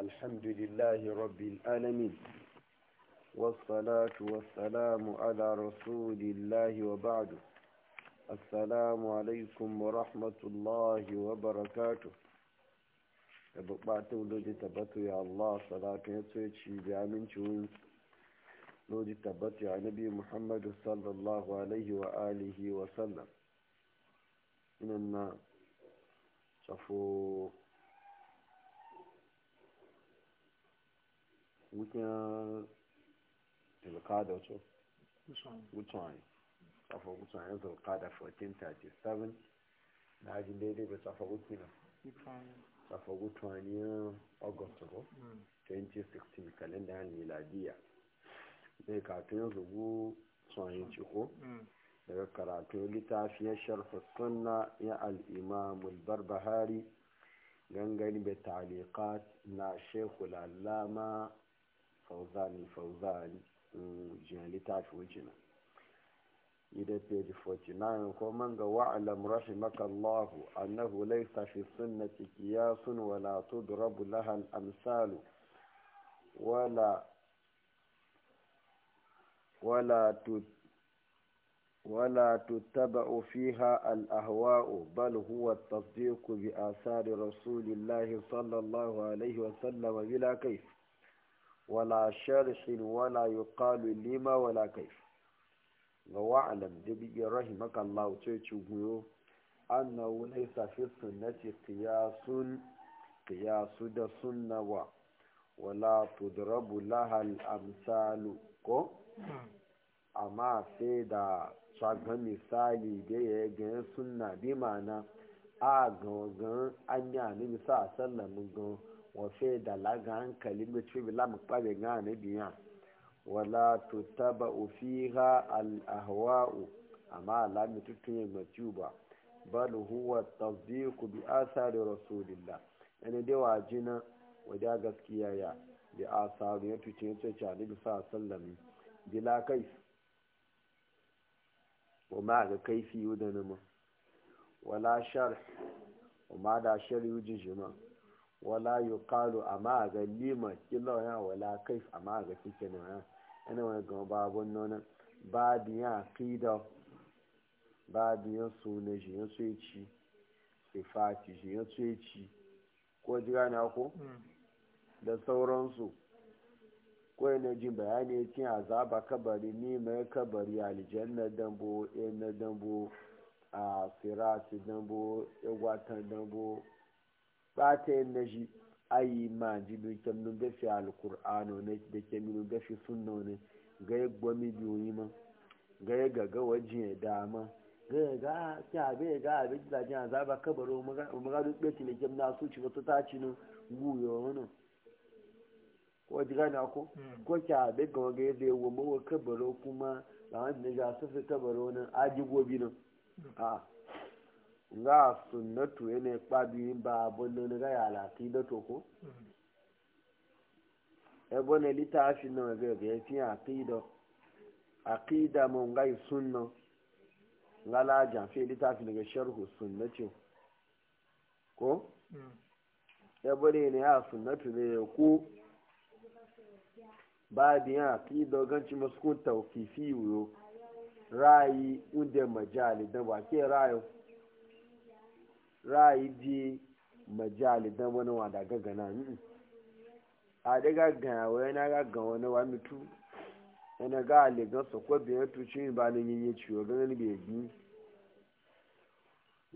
الحمد لله رب العالمين والصلاة والسلام على رسول الله وبعد السلام عليكم ورحمة الله وبركاته batun loji tabbatu ya Allah salatu ya ce ci bi amincin loji ya nabi Muhammadu sallallahu alaihi wa alihi wa sallam na safo wukin zulkada wato wucin safa wucin ya zulkada 1437 na ji daidai da safa wukina safa wucin august ko 2016 hmm. yin miladiya zai kafin ya zubu tsohon ciko daga karatun littafiyar sharfa sunna ya al'imamul barbahari gangani da talikat na shekul allama fauzani fauzani mm, jiyan littafi wuce nan idan page 49 ko man ga wa'alam rahimakallahu annahu laysa fi sunnati qiyasun wala tudrabu laha al-amsalu wala wala tut ولا تتبع فيها الأهواء بل هو التصديق بآثار رسول الله صلى الله عليه وسلم بلا كيف wala sharhin wala yuqalu lima wala kaif ga wa'alam da bi rahimaka Allah ce ci goyo annahu laysa fi sunnati qiyasun qiyasu da sunna wa wala tudrabu laha al-amsalu ko amma sai da shagan misali da ya ga sunna bi ma'ana a ga ga anya ne bisa sallamin gan wafe da laga hankali mai bi lamu kpabe nga ne biya wala tutaba ofi ha ahwau amma lamu tutun mai ba bal huwa ku bi athari rasulillah yana ji na wajen gaskiya ya bi athari ya tuce ya ce sallami bi la kai wa ma ga kaifi yudanuma wala shar wa ma da sharh yujin jima' wala yuqalu amma ga lima kilo ya wala kaif amma ga kike na ya ina wani ga babun nonan ba biya da ba biya sunne shi ya su ci sifati shi ya ci ko jira na ko mm. da sauransu ko yana jin bayani a azaba kabari ni mai kabari a dambo na dambo a sirati dambo watan dambo bata yin na shi ayi ma ji dukkan nun gafi alkur'ano ne da ke minu gafi sunna ne ga ya gwami biyoyi ma ga ya gaga wajen ya dama ga ya ga ki abe ga abe ji lajin azaba kabaro maga duk ɓeci ne kem na suci wata taci ne guyo wani ko ji gana ko hmm. ko ki abe ga ga ya zai wa mawa kabaro kuma da wani da ja sufi kabaro nan aji gobi nan hmm. a'a nga sunnatu yana kpabi ba bonno ne ga yalati da toko ebe na littafi na e mabe ga ya ti aqida aqida mo nga sunno nga lajan fiye fi ga sharhu sunnati ko e bonne ne ya sunnatu ne ya ko ba biyan aqida ganci masu kun taukifi yo rayi unde majali da wa ke rayu ra'ayi bi majali dan wani gaga na gagana a da gagana wa yana gaga wani wa mitu yana ga aligan su ko biyan tuci ba ni yin yi ciwo ganin ni bi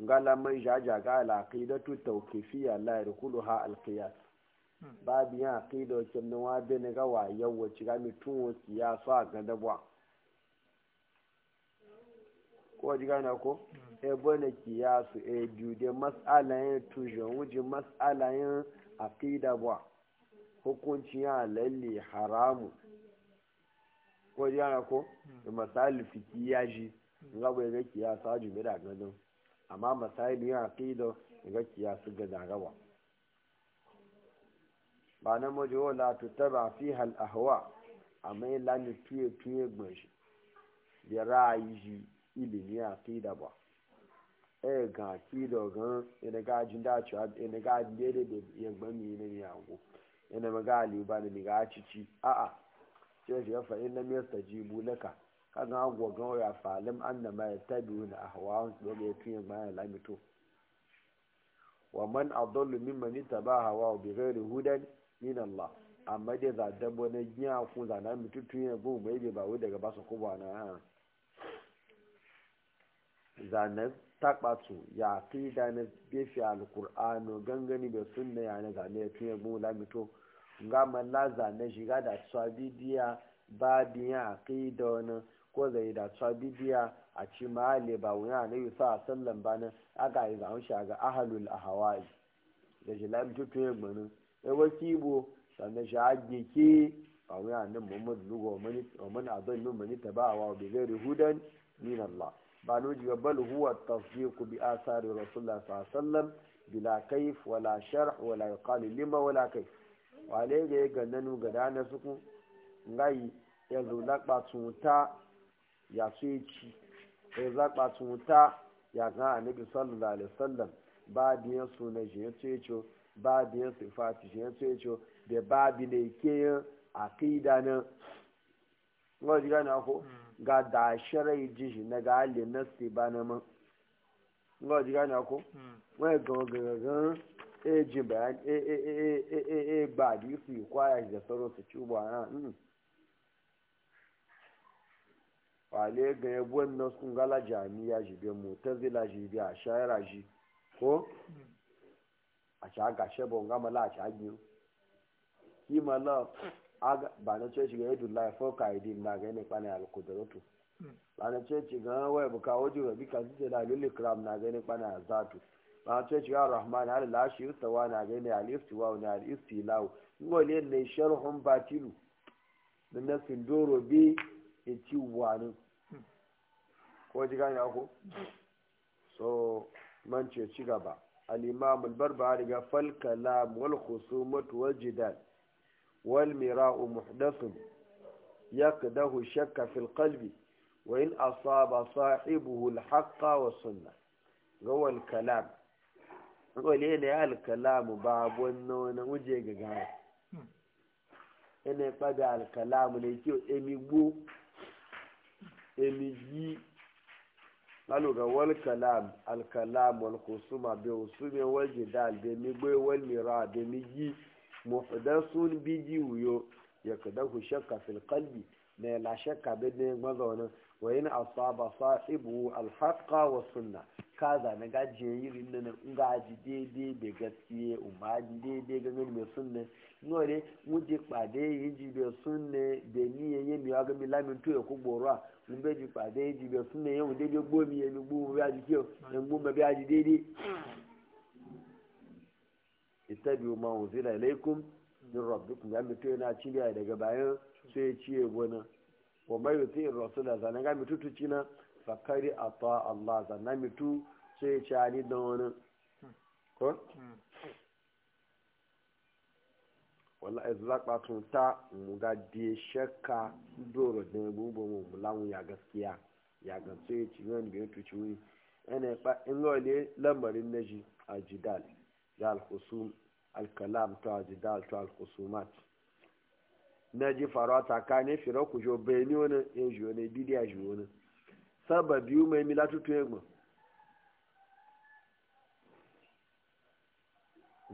ngala man jaja ga alaqidatu tawqifiyya la yarkuluha alqiyas hmm. babu yan aqida wacce nan wa bi ga wa yawa ci ga mitun wa a ga dabwa ko ji na ko hmm. ebone kiyasu e jude mas'alayen tujon wujin mas'alayen aqida ba hukuncin ya lalle haramu ko yana ko hmm. da misali fiki ya ji hmm. nga bai ga kiyasa jume da ganin amma misali ya akido ga kiyasu ga gaba ba na mojo wala tutaba fiha al ahwa amma ila tuye tuye tuye gbashi da ra'ayi ilimi aqida ba e ga ki da gan ina ga da ci ina ga dede da yagban mi ne ya go ina maga ali ba ne mi ga cici a a ce shi ya fa in lam yastajibu laka kaga agwa ga ya fa lam anna ma yattabi'una tún yẹn ga kin ma ya lamito wa man adallu mimman ittaba hawa a ghairi hudan min Allah amma dai za dabo na giya ko za na mututun ya go mai ba daga basu ko ba na takpatu ya da na gefe alkur'anu gangani da sunna ya na zane tun ya gumu lamito ga malaza na shiga da tsabidiya ba biya a da wani ko zai da tsabidiya a ci mahalle ba wani a nabi sa sallan ba nan aka yi zaun shi ga ahalul hawaii da shi lamito fi ya gumu ya waki bo sannan shi ageke ba wani a nan muhammadu lugu wa mani adon nun mani a wa bi gari hudan na allah ba noji ba bal huwa tasdiqu bi asari rasulullah sallallahu alaihi wasallam bila kayf wala sharh wala yuqal lima wala kayf wale ga ga nanu ga dana suku ngai ya la patunta ya suci ya za patunta ya ga annabi sallallahu alaihi wasallam ba biyan sunan na ya suci ba biyan sifati shi ya suci da ba bi ne ke akida nan ngoi ga na ko hmm. ga da shirai jishi na ga ali na si ba na ma nga ji gani ako hmm. wai gan gan e jin bayan e, e e e e e e ba di su yi kwaya da sauran su ci ba na hmm. wale ga ya buwan nan sun gala jami'a ji biyan motar zila ji biya shayara ji ko hmm. a ci haka shebe wanga mala a ci hagiyo kima love ba na ce ga yadda la fa ka idi na ga ne kwana al qudratu ba na ce shiga wai hmm. bu ka waje rabi ka ji da lili kram na ga ne kwana zatu ba na ce shiga rahman al lashi yusawa na ga ne al istiwa na al istilau ngole ne sharhun batilu da na sindoro bi e ci wani hmm. ko ji gani ako so man ce ci gaba al imam al barbari ga fal kalam wal khusumat wal jidal والمراء محدث يقده الشك في القلب وإن أصاب صاحبه الحق والسنة هو الكلام يقول لين الكلام باب ونون وجيك قال إن قد الكلام ليكيو إميبو إميجي قالوا هو الكلام الكلام والخصومة بوصومة والجدال بميبو والمراء بميجي biji bidiyo ya kada ku shakka fil qalbi ne la shakka bidne mazaunin wa yin asaba sahibu alhaqqa wa sunna kaza na gaji yirin nan ngaji daidai da gaskiye umaji daidai ga mai sunna nore muje pade yiji be sunne be niye ye mi aga mi lamin to ya e ko mun mbe ji pade yiji be sunne ye o daidai gbomi ye mi gbo ya ji ke o en gbo be aji daidai ittabi'u ma unzila ilaykum min rabbikum ya mutu yana cibiya daga bayan sai ya ciye gona wa mai yuti rasul da zanan ga mutu tuci na fakari a Allah zanan mutu sai ya ci ani don wani ko wala izlaka tun ta mu shakka doro da bubu mu mulawun ya gaskiya ya gantsu ya ci wani bai tuci wani yana ba in lamarin na ji a jidal ya alhusum alkalam to dal to alhusumat na ji faruwa ne firo ku jo bayani wani ya ji wani didi ya ji wani u biyu mi la tutu egbo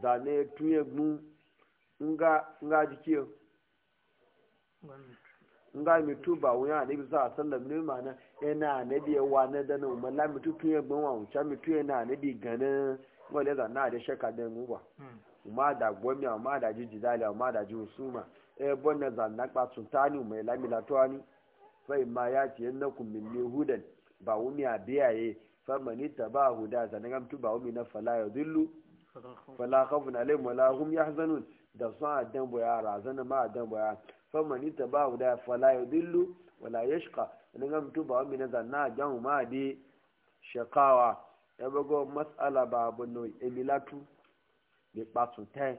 da ne tu ya nga nga o nga tu ba ya ne bi sa sallam ne mana yana na e wa na dana ma la mitu wa o cha mi tu yana na bi ganin wale za na da shaka da mu ba ma da gomiya ma da jiji ji jidali ma da ji usuma e bonna za na pa tuntani mai lamila to ani fa ma ya ci yannakum min hudan ba wumi a biyaye fa mani taba huda zan sanan gamtu ba wumi na fala ya dillu fala khafun alaihim wala hum yahzanun da sa dan boya razana ma dan boya fa mani taba huda fala ya dillu wala yashqa sanan gamtu ba wumi na zanna jan ma di shaqawa ya bago mas'ala ba latu, no emilatu bi pasu ten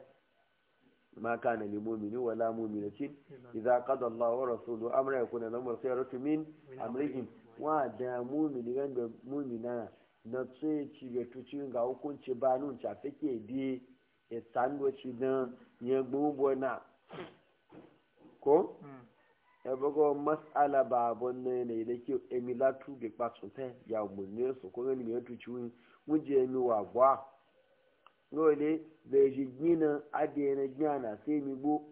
ma kana lil mu'mini wala mu'minatin Iza qada Allahu wa tí amra yakuna lahum khiyaratu min amrihim wa da mu'mini ganda mu'mina na tsaye ci ga tuci ga hukunci ba nun ta fake di ya sandwich na ya gbubo na ko ebogo masala babon ne ne da ke emilatu bi patsunte ya munne su ko ni ne tuci wun muje mi wa gwa lole da ji gina adena gina sai mi bo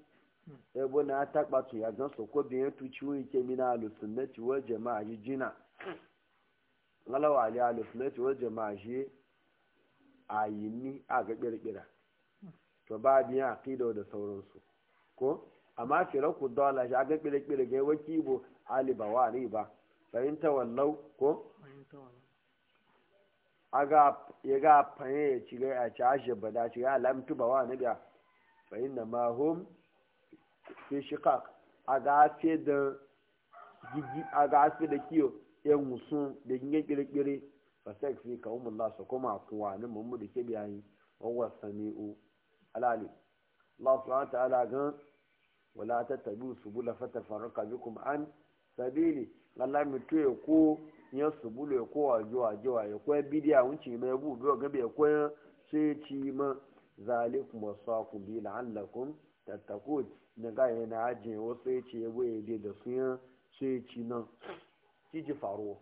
ebo na ta patsu ya gan su ko bi ne tuci wun ke mi na lusunnati wal jama'a ji jina ngalawa ali alusunnati wal jama'a ji ni a ga kirkira to ba biya aqida da sauransu ko amma firaku dola shi aga kire-kire ga yawan kibo hali ba wa ne ba fahimta wallau ko aga ya ga fanye ya ci ga a ci ashe ba da ci ga lamtu ba wa ne ga fahimta ma hum fi shikak aga fe da gigi aga fe da kiyo yan musu da gingen kire-kire ba sai fi ka umu Allah su koma kuwa ne mu da ke biyayi wawa sami'u alali Allah subhanahu wa ta'ala gan wala tattabi subula fatafarraqa bikum an sabili lalla mi to e ko yan subulu e ko wajo wajo wa e ko bidiya ma me bu do gabe e ko sai ci ma zalikum wasakum bi la'allakum tattakun na ga yana ajiye wasu ya ce yabo ya je da su yan su ya ci nan ki ji faro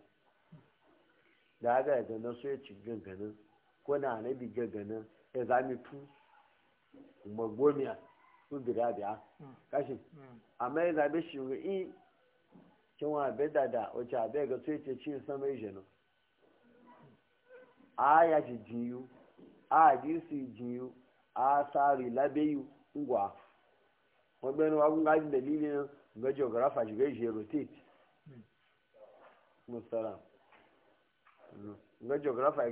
da aga ya gana su ya ci ganganin ko na anabi ganganin ya za zami tu kuma a. sun bira biya mm. kashin mm. amma ya zabe shi ga i kin be da da wace abe ga sai ce cin a ya ji a ji ngwa wa mm. rotate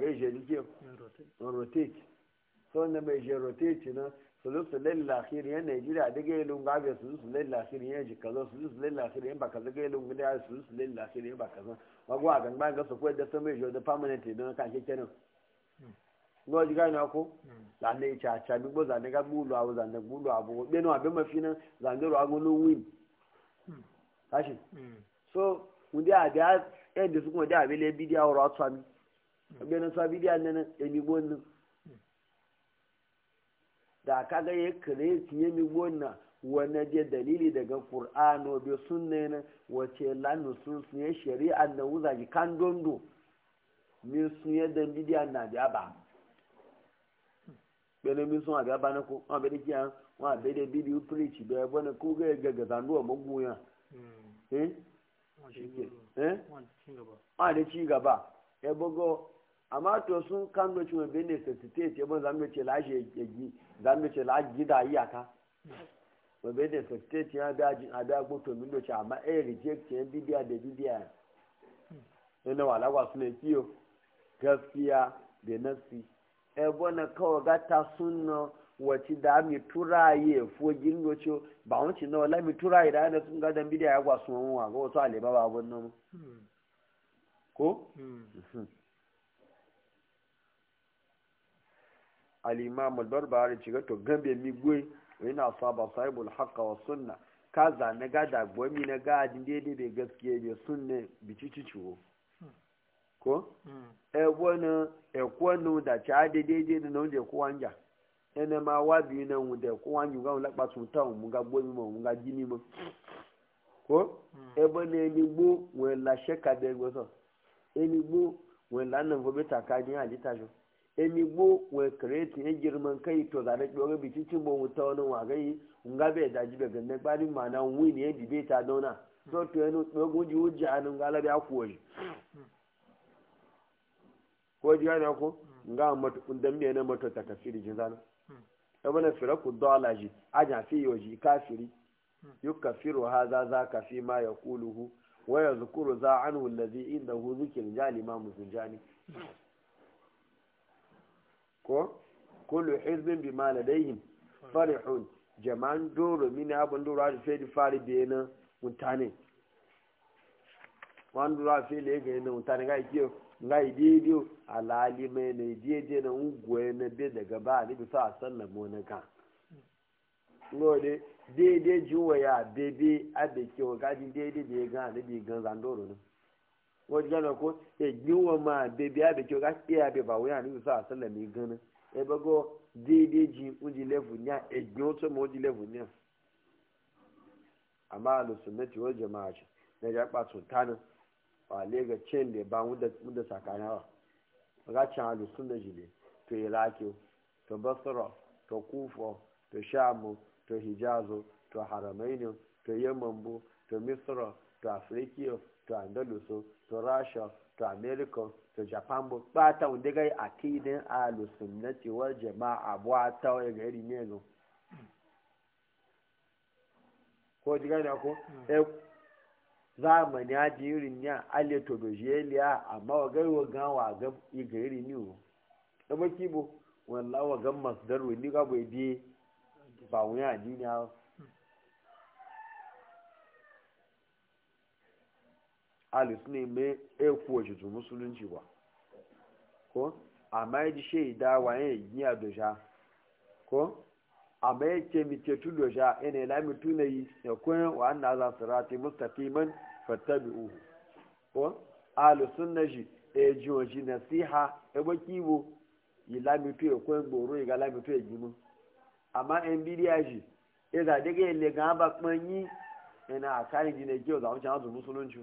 rotate so na rotate na sulusu lil akhir yan Najeriya daga yelun ga ga sulusu lil akhir yan ji kaza sulusu lil akhir yan ba kaza ga yelun ga sulusu lil akhir yan ba kaza mago a gangba ga su ko da sun mai jo permanent don kan ke kenan hmm. ngo ji ga na ko hmm. zane cha cha bi bo zane ga bulu awu zane bulu abu be no hmm. abe mafi nan zane ruwa agun win Kashi, so ndi a da e de su ko da be le bidiya ro atwami be no sa bidiya nan e mi nan da ka ga ya kire su ya mi wannan wani da dalili daga qur'ano sun sunne na wace lanu sun su ya shari'a na wuza ji kan dondo mi su ya dan bidiya na biya ba bene mi sun abiya ba na ko wa bele kiya wa bele bidiyu preach be bona ko ga ya ga zanduwa maguya eh hmm. eh wa da eh? ci gaba ya e bugo amma to sun kan doci mai bene sensitive ya e ban zamu ce lashe ya e gi za mu ce la gida iyaka ba bai da state ya da jin ada goto min doce amma eh reject ya bidiya da bidiya yana wala wa suna kiyo gaskiya da nasi e bona kawa gata suna wace da mi turaye fo gingocho ba wace na wala mi turaye da yana sun gadan bidiya ya gwa sun wa ga wasu aleba ba abun nan hmm. ko hmm. Hmm. al-imam al-barbari ci to gambe mi gwe yana saba sahibul haqqa wa sunna ka zane ga da gomi na ga daidai bai gaskiya bai sunne bicici ciwo ko hmm. ebonu ekwonu da cha daidai da nan je kuwanja ene ma wa bi na wu de kuwanju ga la pa tun ta mu ga gomi mo mu ga jini mu ko hmm. ebonu e ni gbo we la sheka de gbo so eni gbo we la na go beta ka ni alita jo enigbo wee kireti ya girman kai to zane ɗoga bikin cin bon wuta wani wagayi nga bai daji bai ganna gbani mana ni ya dibe ta dauna to to yana ɗoga wuji wuji a nan galabi a kuwayi ko ji gane ko nga matukun dambe yana mato ta kafiri jin zana ya bane firaku ala ji aja fi yu kafiri yukafiru haza za ka fi ma ya kuluhu wa ya zukuru za anhu inda hu zikir jani ma jani. ko kullu hizbin bima ladayhim farihun jama'an doro mini abun doro da fe di da bena mutane wan doro fi le ga ne mutane ga kiyo ngai didio alali me na didio na ungwe na be daga ba ni bi sa sallamo ne ka lode daidai juwa ya bebe abeke wa gajin daidai da ya ga na bi gan zandoro na. wọ́n jẹ́ náà kó ẹ̀gbìn wọn máa bèbí àbẹ̀kí ọ̀gá pé àbẹ̀bà wọ́n yà ní ìsọ àṣẹlẹ̀ mi gan-an ẹ̀bẹ̀gọ́ déédéé jí oúnjẹ lẹ́fù ní à ẹ̀gbìn ó tó mọ oúnjẹ lẹ́fù ní à. àmọ́ àlùsùn mẹ́tì wọ́n jẹ máa ṣe lẹ́jà pàtó tánà chain lè ba wọ́n dẹ̀ ọ̀gá chan àlùsùn jìlẹ̀ tó to andalusun to russia to america to japan bo bata wanda gai akidin alusunnati wal jama'a buwa ta wani iri ne lo ko ji gani ko mm. eh, zamani ya ji irin ya ale to dojeliya amma wa gai wa gan wa ga igari ni o da maki bo wallahi wa gan masdar wani ga bai bi ba duniya alis ne mai ekwu ojutu musulunci wa ko amma ya ji shaida waye giya doja ko amma ya ce mice tu doja ina ya lami tunayi ya e kun wa an na za su rati mustaqiman fattabi uhu ko alisun na shi e ji oji nasiha e ba kibo yi lami tu ya e kun gboro ya ga lami tu ya e gimu amma yan bidiya shi ya zaɗe ga yi legan ba kpanyi ina a kayan jinajiyar zaunci azu musulunci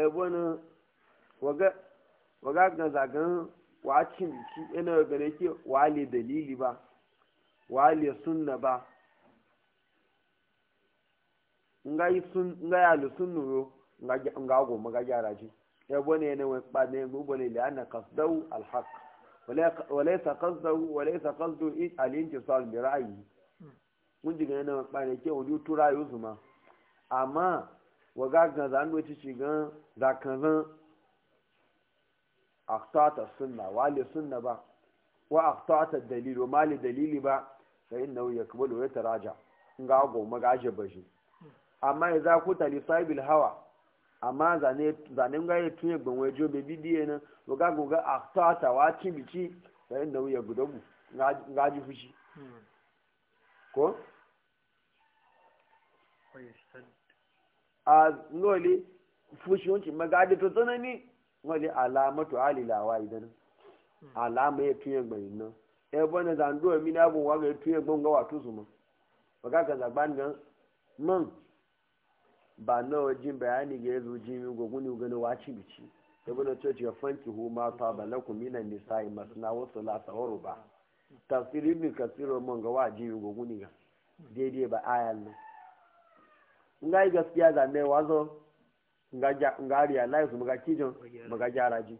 Ee bụ na ọ ga ọ wacin na zagan ọ achịna ndị dalili ba ọ hali sunna ba ngayi a lu sunnụrụ ngagọ ọ ma gaa gaa raajị ee bụ na ya na ya na mwakipa na ya na liana kas dọọ alhak walaisa kas dọọ walaisa kas dọọ ij aliyun mun ji gane na ɓane ke wani tura yuzuma amma wa gagan za nuna ci shigan zakanzan aktata sunna wale sunna ba wa aktata dalilu mali dalili ba sai inna ya kubalu ya taraja in ga goma gaje shi amma ya za ku tali sahibil hawa amma zane ga ya tunye gbanwa ya jobe bidiyo nan wa gagan ga aktata wa cin bici sai inna ya gudagu gaji fushi hmm. ko a ah, ngoli fushi wancin magadi to tsanani ngoli alamatu alilawa idan alama mmm, ya tuye gbayin nan ya bane zanduwa mini abubuwa ga ya tuye gbangon wato su ma baka ka zaban gan man ba nawa jin bayani ga ya zo jimi gwagwuni gani waci bici ya bane coci ga fanki hu mata ba lakum minan nisa'i masu na wasu lasa horo ba hmm. tafsirin ibn kasiro man ga wa jimi gwagwuni ga hmm. daidai ba ayan nan nga gaskiya za ne wazo nga ariya life maga kijin maga gyara ji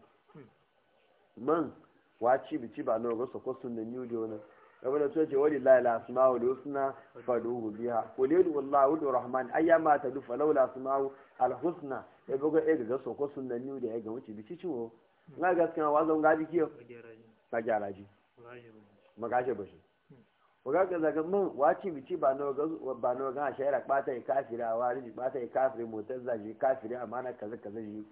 man wa ci bi ci ba na ga sako sun da new jona gaba da soje wani laila su ma'u da wasu na faruhu biya kulilu wallahu da rahman ayya ma ta dufa laula su ma'u alhusna e buga ya ga sako sun da new da e ga wuce bi ci ciwo nga gaskiya wazo nga ji kiyo ga gyara ji maga shi ba shi waga ga zaga mun wace bici ba na ba na waga shaira bata ya kafira a wari ji bata ya kafira motar zaji kafira amana kaza kaza ji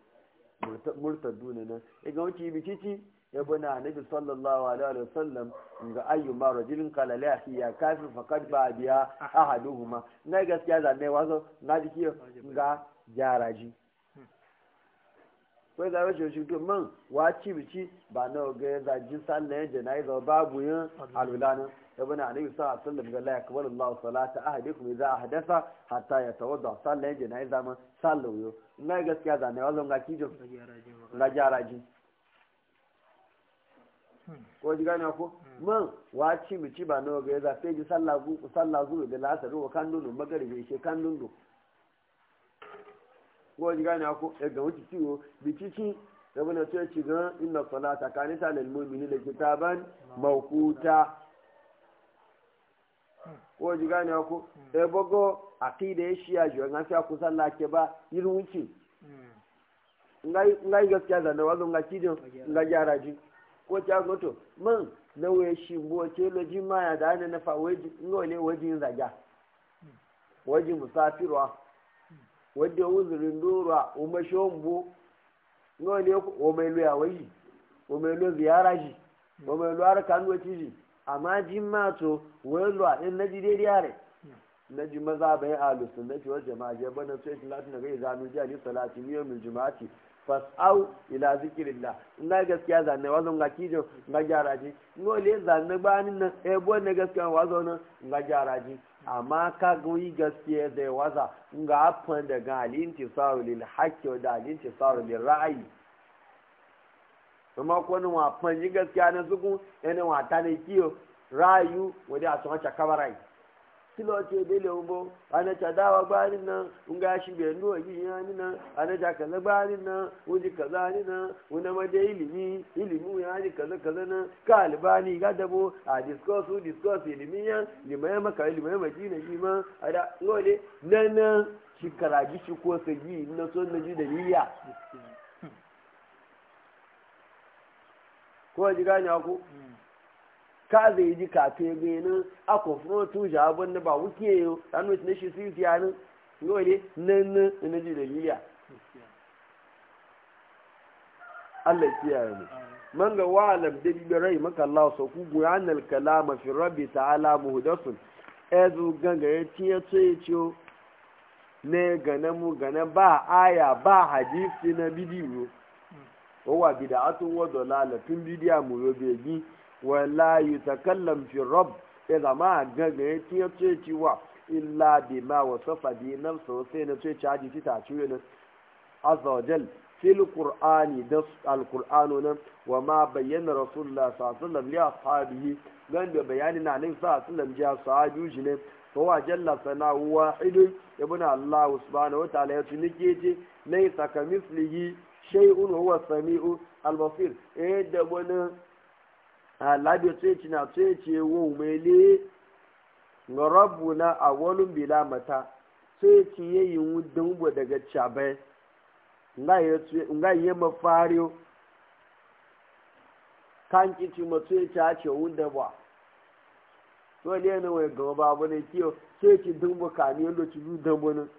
murta duna na e ga wace bici ci ya bana nabi sallallahu alaihi wa sallam ga ayyu ma rajulin qala la ya kafir faqad ba biya ahaduhuma na gaskiya zanne wazo na ji ki ga jaraji ko da wajen shi to mun wace bici ba na ga zaji sallan jana'iza babu yin alulana ibn annabi sallallahu alaihi wasallam ga la yakbalu Allahu salata ahadikum idza ahdatha hatta yatawadda sallan janaiza man sallu yo ina gaskiya zane wazo ga kijo ga jaraji ko ji gane ko hmm. man waci mi ci ba no ga za fe ji sallah zu sallah zu da la saru kan dunu magaribi she kan dunu ko ji gane ko ga wuci ciwo bicici da bana ce ci ga inna salata kanita lil mu'minina kitaban mawquta ko ji gane ku sai mm. eh, bago aqida ya shi ya ji wannan ku ke ba yin mm. ngai ngai gaskiya da na wazo ngai kijin ngai gyara ji ko ta goto man na waye shi bo ce loji ma ya da na fa waje ngole waje zaga mm. waje musafirwa wadda dora umma o mai loya waje o mai lo ziyara ji o mai lo ji amma jin ma to wani luwa ɗin na ji daidai yare hmm. na ji maza bai alu sunnati wal jama'a je bana sai talatin na gai zanu ji ali salati yau jama'ati fas au ila zikrillah ina gaskiya zanne wazo nga kijo nga gyara ji ngo le zanne bani nan e bo ne gaskiya wazo nan nga gyara ji amma ka goyi gaskiya da waza nga afan galin alinti sawu lil haqqi da alinti sawu lil ra'ayi kuma ko wa fanyi gaskiya na suku yana wa ne kiyo rayu wani a tsohon cakabarai kilo ce dele umbo ana ta dawa gbani na un ga shi bai nuwa gidi na ni nan ana ta kaza bayanin nan wani kaza ni na wani ma dai ilimi ilimi ya ni kaza kaza na ka albani ga dabo a discuss u discuss ilimi ya ni ma ma ka shi ma ma ji ji na ada lole na nan shi karaji shi ko ji na so na ji da daliliya ko ji gane ku hmm. ka zai ji kafe benin a kofuro tuja abin ba wuke yau ranar na shi su yi yanin yau ne nan nan na ji da miliya Allah kiyaye mu man ga wa alam da rai maka Allah so ku guyanal kalama fi rabbi ta'ala muhdasun ezu ganga ya tiye ce ce ne gane mu gane ba aya ba hadisi na bidiyo o wa bida'atun wa dalalatun bidiya mu yobe gi wala yutakallam fi ya zama a gaga ya ce cewa illa wa wasafa bi nan sosai na ce caji ci ta ciwo ne azza fil qur'ani da alqur'anu nan wa ma bayyana rasulullah sallallahu alaihi wasallam li da bayani na nan sallallahu alaihi wasallam ja sahabu shi ne fa wa jalla sana wahid ibn allah subhanahu wa ta'ala ya tunike ce laysa kamislihi shay'un huwa samiu albasir e eh da wani labiya tsoyaci na tsoyaci wo mele na rabu na a wani bila mata tsoyaci ya yi wudin bu daga cabai nga yi mafariyo kan kici ma tsoyaci a ce wudda ba to ne ne wai gaba ba ne kiyo tsoyaci ka kami yadda ci zu dambu nan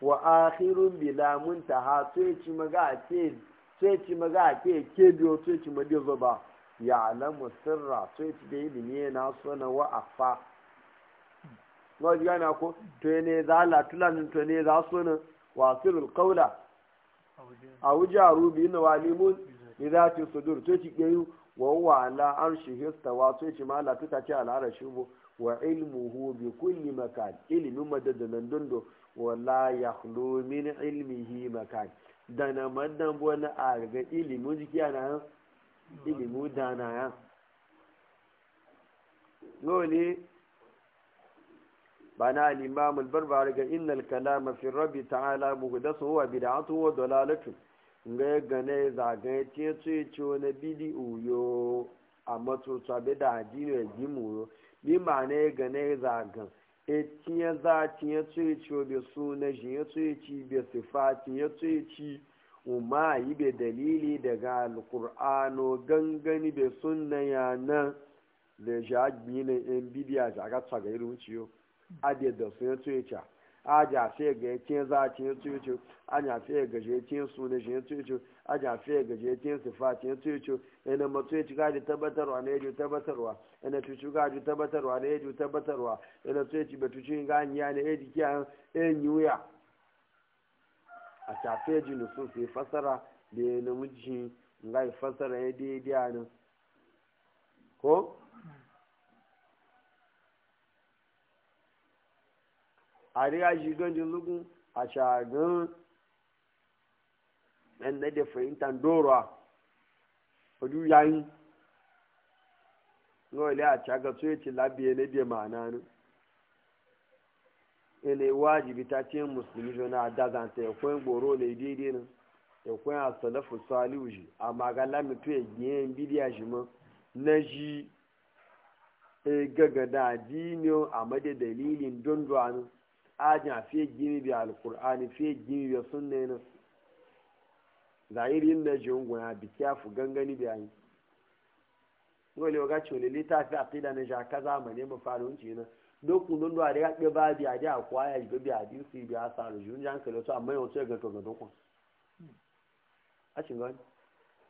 wa akhirun bila muntaha tsoyaci maga a ce tsoyaci maga a ce ke biyo tsoyaci ma bai ba ya alamu sirra so ya da ilimi na so na wa afa ga ji gane ko to ne za la tulanin to ne za so na wa sirrul qawla a a rubi na walimun idza ti sudur to ci ke wa wa ala arshi histawa to ci ma la tuta ci ala arshi bu wa ilmuhu bi kulli makan ilimin madadanan dondo wala yakhlu min ilmihi makan dana madan bo na arga ilimin jiki na ilimu dana ya dole bana al-imam al ga innal kalama fi rabbi ta'ala muhdathu wa bid'atu wa dalalatu ga gane zaga ce ce ce na bidi uyo amatu to tsabe da ajino ya gimu yo bi mane gane ga e tiya za tiya ce ce bi su na ji ya ci bi sifati ya ce ci umma yi be dalili daga alkur'ano gangani be sunna ya nan da jagbi ne in bidiya ta ga tsaga irin ciyo ade da sun yato ya a ja sai ga yakin za ta yato ya a ja sai ga je yakin su ne shi yato ya a ja sai ga je yakin sifa ta yato ya ina mato ya ga da tabbatarwa na yaju tabbatarwa ina tuci gaji tabbatarwa na yaju tabbatarwa ina tuci ba tuci gani ya na yaji e kiyan en yuya a shafe ji nusu su fasara da ya namiji ga fasara ya daidai a nan ko a riya shi ganjin lugun a shagan ɗan da da fahimtar dora hudu yayin ga wale a shagar su ya ce labiya na biya ma'ana nan ele wajibi ta ce musulmi jona da zanta ya kwen goro ne daidai nan ya kwen a salafu salihu shi a magala mutu ya giye bidiya shi ma na shi e gaga da adiniyo a made dalilin don duwanin ajin a fiye gini bi alkur'ani fiye gini bi sunne nan zahirin na shi ungwana bi kyafu gangani bi ayi. Ngole waga cewa lili ta fi aƙida na shi a kaza mu ne mu faru wuce dokun londo a da ya ɗe ba bi a da kuwa ya ga bi a di su bi a sa ruju ni yanka su amma yau sai ga to ga dokun a cin gani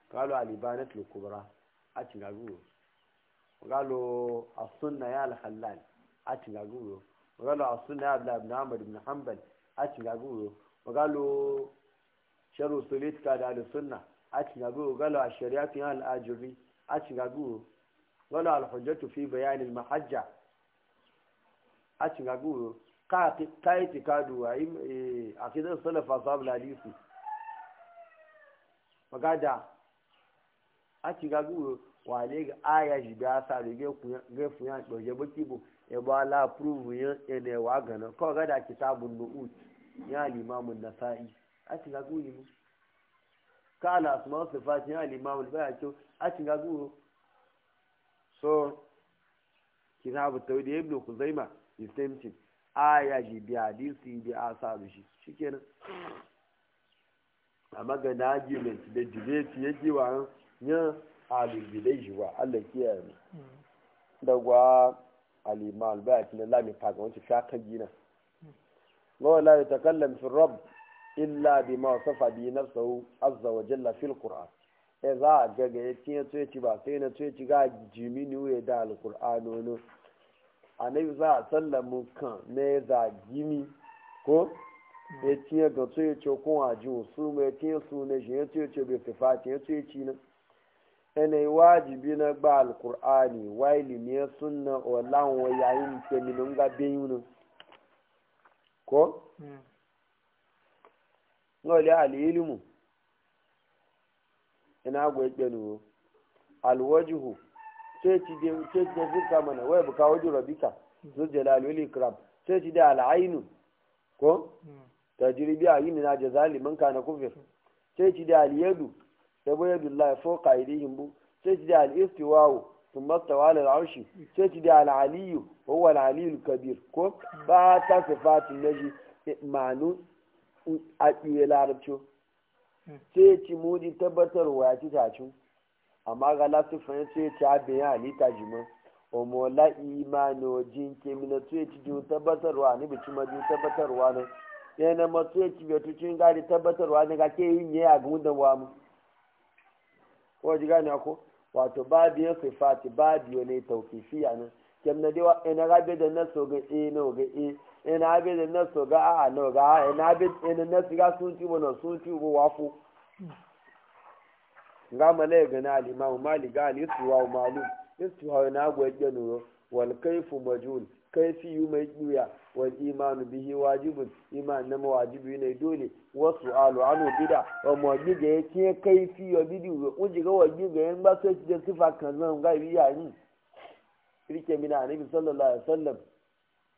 kalo alibana til kubra a cin gaguro kalo asunna ya al-halal a cin gaguro a asunna ya abdullah ibn ahmad ibn hanbal a cin gaguro kalo sharu sulitka da al-sunna a cin gaguro kalo ashariatu ya al-ajuri a cin gaguro kalo al-hujjatu fi bayanin al-mahajja a cin gagoro ka yi tikadu a yi a kidan salafa sabu lalisi magada a cin gagoro wale ga aya shi biya sa da gaifu ya ɗauke baki bu ya e ba la approve yan ene wa gana kawai gada kitabun nu'ud ya limamun nasa'i a cin gagoro ne ka ala asma sifatin ya limamun baya kyau a cin gagoro so kitabu tawhid ibn khuzaimah the same thing aya ji bi hadisi bi asaru shi shikenan amma ga na argument da debate yake wa ya alibidai shi wa Allah kiyaye mu da gwa alima la mi lami faga wancan ta gina wa la yatakallam fi rabb illa bi ma safa bi nafsuhu azza wa jalla fil qur'an e za a ga ga yace yace ba sai na ce ga jimini ya da alqur'ano annabi za a sallamu kan ne za mi ko ya tiye ga so ya ce kun ajin su mai tiye su ne shi ya tiye ce bai fifa tiye tiye ci na ene wajibi na gba alkur'ani wa ilimi ya sunna o lanwa yayin teminin ga biyunin ko ngole alilimu ina gwa ikpe alwajihu sai ci da sai ci da zuka mana wai buka wajen rabika zuljalal wal ikram sai ci da al'ainu ko ta hmm. tajribi ayini na jazali man kana kufir sai ci da al-yadu da bai yadullahi fawqa aydihim bu sai ci da al-istiwa'u ثم استوى على al'Aliyu ko على العلي kabir ko hmm. ba ta با صفات النجي معنو a ɗiye larabci sai hmm. ci mudi tabbatarwa ya ci tacin amma ga lasufin ya ce ta biya halitta jima omo la imano jin ke mina tuye tabbatarwa ni bici ma tabbatarwa ne yana ma tuye ci tuci gari tabbatarwa ne ga ke yin ne a gun da mu ko ji gani ako wato ba biyan sifati ba biyo ne ne kem na dewa ina da na so ga e ga e ina da na so ga a ga a ina ina na siga sun ci na sun ci bo wafo nga mala gana alimamu maliga ga alisuwa malum istuwa na ya nuro wal kaifu majul kaifi yu mai juya wal imanu bihi wajibun iman na mawajibi ne dole wasu alu anu bida wa mawaji ga ke kaifi wa bidi wa ga waji ga ba sai da sifa kan nan ga biya ni rike mina annabi sallallahu alaihi wasallam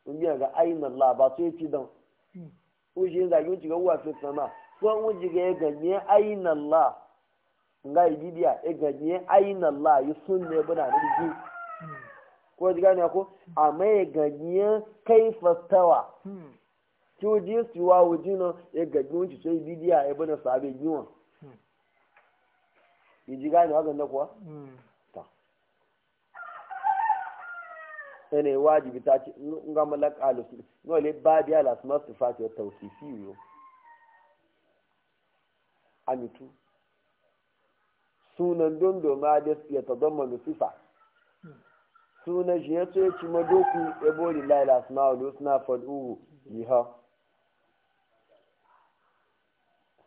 biya ga Allah ba sai ci dan hmm. uji ga ga wa fi sama ga ga nga yi bibiya e ganye ayin Allah yi sunne buna rigi ko ji gane ko amma ya ganye kai fastawa ti o ji su wa wuji no ya ganye wuci sai bibiya e buna sabe giwa yi ji gane hakan da kuwa ta ene wajibi ta ce nga malaka alusu nole babiya lasmas tufati wa tawsifi yo amitu sunan dondo ma da ya tazamma da sifa hmm. sunan shi ya ce ci madoku bori lillahi lasma wa liha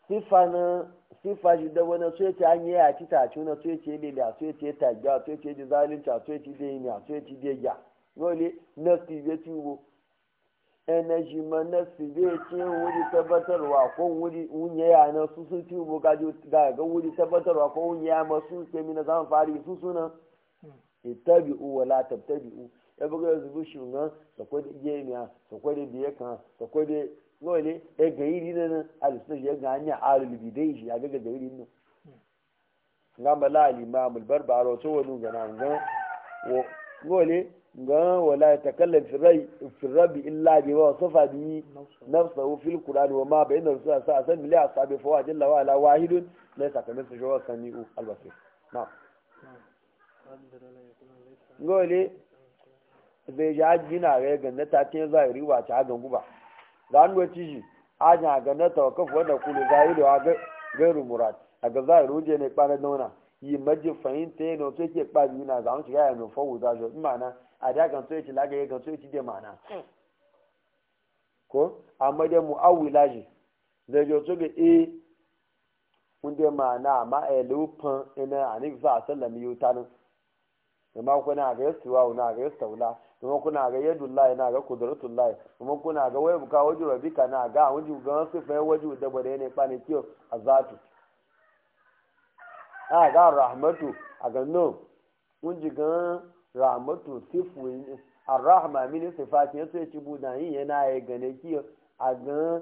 sifa na sifa shi da wani so ce an yi a ci ta ci na so ce lele a so ce tagga so ce da zalunci a da yini a so ce ya dole su ya ci wo energy mana su zai ce wuri tabbatarwa ko wuri wunyaya na su sun ci ubu ga ga wuri tabbatarwa ko wunyaya ma su ke mina zan fari su suna hmm. ittabi'u wa la tattabi'u ya buga yanzu bu shi ngan da kwade jemiya da kwade biye kan da kwade wani ya e ga yiri na nan alisun ya ga hanya alul bidai shi ya ga ga yiri nan hmm. ngamba la al-imam al-barbaro to wani gana ngan wani ga wala ta kallon firrabi illa bi wa sufa bi nafsa wa fil qur'an wa ma bayna rasul sa san li ashabi fa wajalla wa ala wahidun la sakamin su jawa sami'u albasir na gole zai ya gina ga ganna ta tin zahiri wa ta ga guba zan wa tiji aja ga na ta wa da kullu zahiri wa ga gairu murad a ga zahiru je ne kwana dauna yi maji fahimta wasu yake ke kwana yana zan shiga ya nufa wuza shi ma'ana a da kan soyaci lagaye kan soyaci da mana mm. ko amma dai mu'awila ji da jo to ga e eh, unde mana ma e lupan ina anabi fa sallam yutanu kuma kuna ga yasuwa na ga yasaula kuma kuna ga yadullahi na ga qudratullahi kuma kuna ga wai buka waju rabbika na ga waju ga sifa waju da bare ne kwane kiyo azatu a ga rahmatu a ga no mun ji gan rahmatu sifu arrahma min sifati yato yace buda yin yana ya gane ki a ga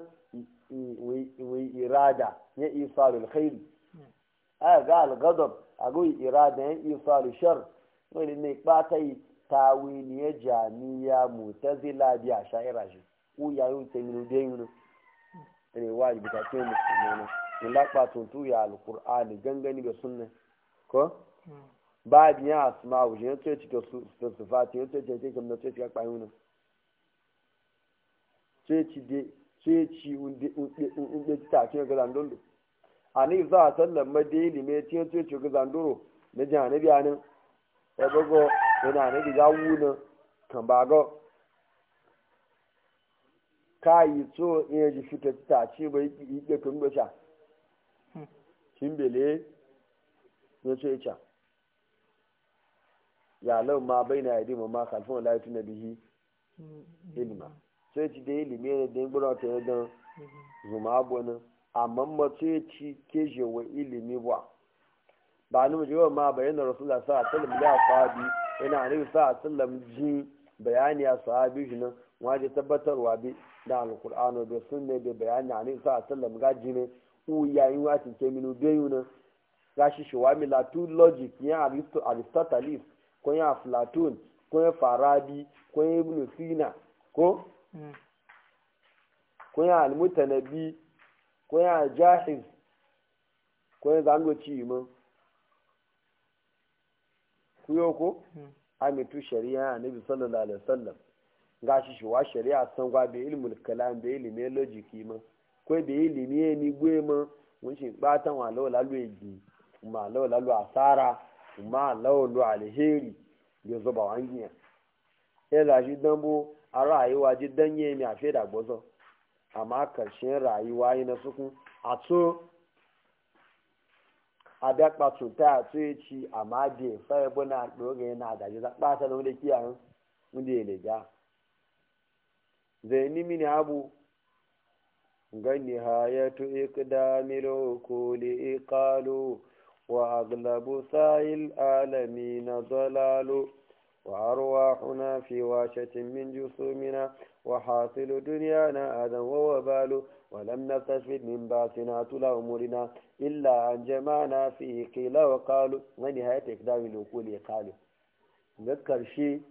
wai irada ya isalul khair a ga al ghadab a go irada ya isalul shar wani ne batai ya jamiya mutazila bi a sha'ira shi ku yayin tamilu da yin ne wajibi ta ce musulmai ne ya lakpa tuntu ya alqur'ani gangani ga sunna ko hmm. babu ya ti wuce yanzu ya cika sufati yanzu ya cika kam na cika kwayi wuna ce ci unde ta ce ga zandondo a ani za a sallan madaili mai ce ce ti ga zandoro na jihanabi a nan ya bago yana na gida wuna kan ba ga ka yi so in yaji fita ta ce bai yi ɗakin gbasha shimbele ya ce ya ya ma bai na yadi ma kafin la tuna bihi ilma sai ci da ilimi ne da gbura ta yadda zuma abona amma ma sai ci keje wa ilimi ba ba ni mu jiwa ma bayyana rasulullah sallallahu alaihi wasallam da ina annabi sallallahu alaihi ji bayani a sahabi shi nan waje tabbatarwa bi da alqur'ano da sunne da bayani annabi sallallahu alaihi wasallam ga ji ne u yayin wati ke minu beyu nan gashi shi wa mi la tu logic ya aristotle ko ya platon ko ya farabi ko ya ibn sina ko mm. ko ya almutanabi ko ya jahiz ko ya zango ci mun kuyo ko amitu shari'a annabi sallallahu alaihi wasallam ga shi wa shari'a san gwa be ilmul kalam be ilmi logic ma ko be ilmi ni gwe ma mun shi batan wa lawa lalu eji ma lawa lalu asara ma laulu alheri ya zuba e wangiya ya zashi dambo a rayuwa ji danye mai afe da gwazo amma karshen rayuwa yi na sukun a tso a da kpatsun ta a tso e ya ci amma e da ya fara buna ɗoga yana da ji zaɓa ta da wani kiyayen wanda ya lega zai ni mini abu gani hayatu ikdamilo ko li iqalu وأغلب سائل العالمين ضلال وأرواحنا في واشة من جسومنا وحاصل دنيانا آدم ووبال ولم نستفد من باطنا طول أمورنا إلا أن جمعنا فيه قيل وقالوا ونهاية إقدام الوقول قالوا نذكر شيء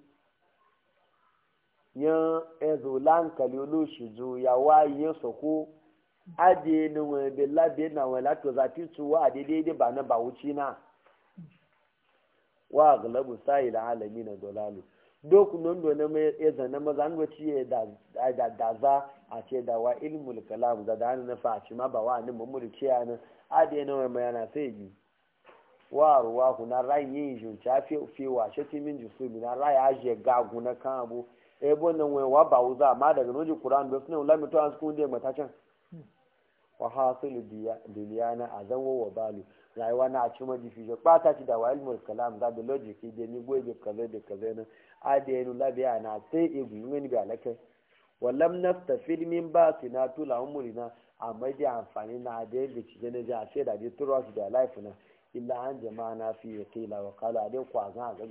يا إذ لانك لولوش جو يواي يسكو ajiye ni wani bela biye na wani lato zafi wa a daidai ba na ba wuce na wa galabu sayi e e da alami na dolalu doku non do na mai ya zana maza an wace ya da daza a ce da wa ilmul kalam da da na fashi ma ba wa ni mu ce ya nan adiye na wani mayana sai yi wa ruwa ku na ran yin ju ta fi fi wa shi ti min jusu na ran ya je gagu na kan abu e bo nan wani wa ba wuza ma daga noji kuran da sunan ulama to a su kun mata can wa hasilu diliyana a zanwo wa balu rayuwa na a ci maji fijo ɓata ci da wa ilmul kalam za da logic da ni goyi kaza da kaza na adiyanu labiya na sai igu ngani bi alakai walam nastafil min ba na tula umurina amma da amfani na da yadda ci gane ja sai da bi turwa su da life na illa an jama'a na fi qila wa qala da ku a ga ga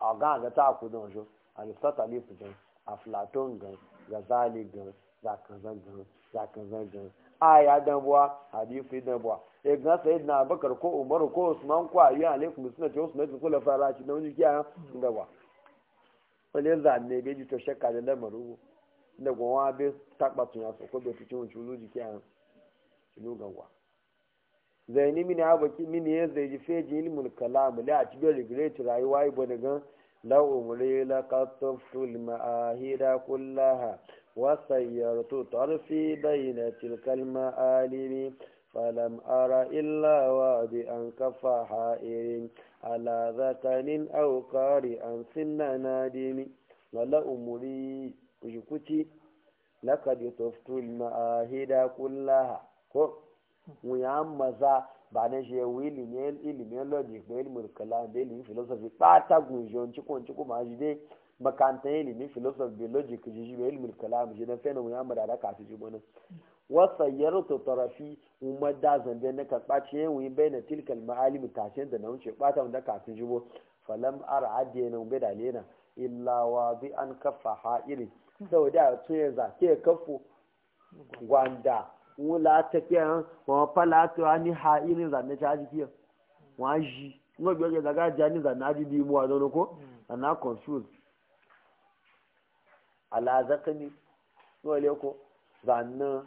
a ga ga ta ku don jo aristotle fi don a platon ga gazali ga zakazan ga zakazan ga aya dabuwa hadisi dabuwa ya ga sai na bakar ko umar ko usman ko ayi alaikum suna ce usman ko la fara ci don jiya dabuwa wale zanne be ji to shakka da lamaru da gwa be takbatu ya so ko be fitin wuce lu zaini mini abaki mini ya zai feji ilmul kalam la a cikin regulate rayuwa ibo la umri la kullaha وسيرت طرفي بين تلك المعالم فلم أرى إلا وادعا كفحائر على ذكر أو قارئا سن نادم ولا أمري وجكتي لقد طفت المعاهد كلها mu ya maza ba na shi yawo ilimin logic da ilimin kalam da ilimin philosophy ba ta gunjiyon cikon cikon ma shi dai makarantar ilimin philosophy biologic jiji bai ilimin kalam ji don fena wuya mada da kasu shi gwanin wasa yaro ta tarafi umar da zanbe na karɓa yin wuyi bai na tilkal ma'alimi tashin da na wuce ɓata wanda kasu shi bo falam ara adiye na umar da lena wa bi an kafa ha'iri sau da tun za ke kafu gwanda wula ta kiyan wọn fala to a ni ha'irin zanne ta ji kiyan wọn ji wọn biyar da zaga jani zanne aji bi mu a zaune ko hmm. ana confused ala zakani wale ko zanna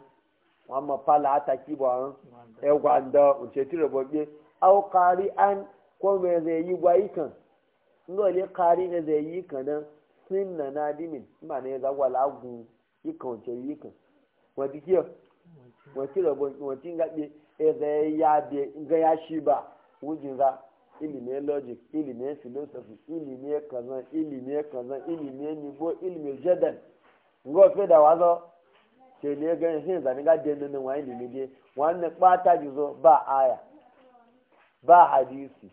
wamma pala ata kibwa e gwanda unce tire bobe au qari an ko me zai yi gwai kan ngole qari ne zai yi kan sunna na dimin ma ne za gwala gu yi kan unce yi kan wadi kiyo wati rabo wati ngabe e zai ya be ga ya shi ba wujin za ilimin logic ilimin philosophy ilimin kaza ilimin kaza ilimin nivo ilimin jadal ngo fe da wazo ce ne ganin shi zani ga den nan wani ilimin dai wannan bata jizo ba aya ba hadisi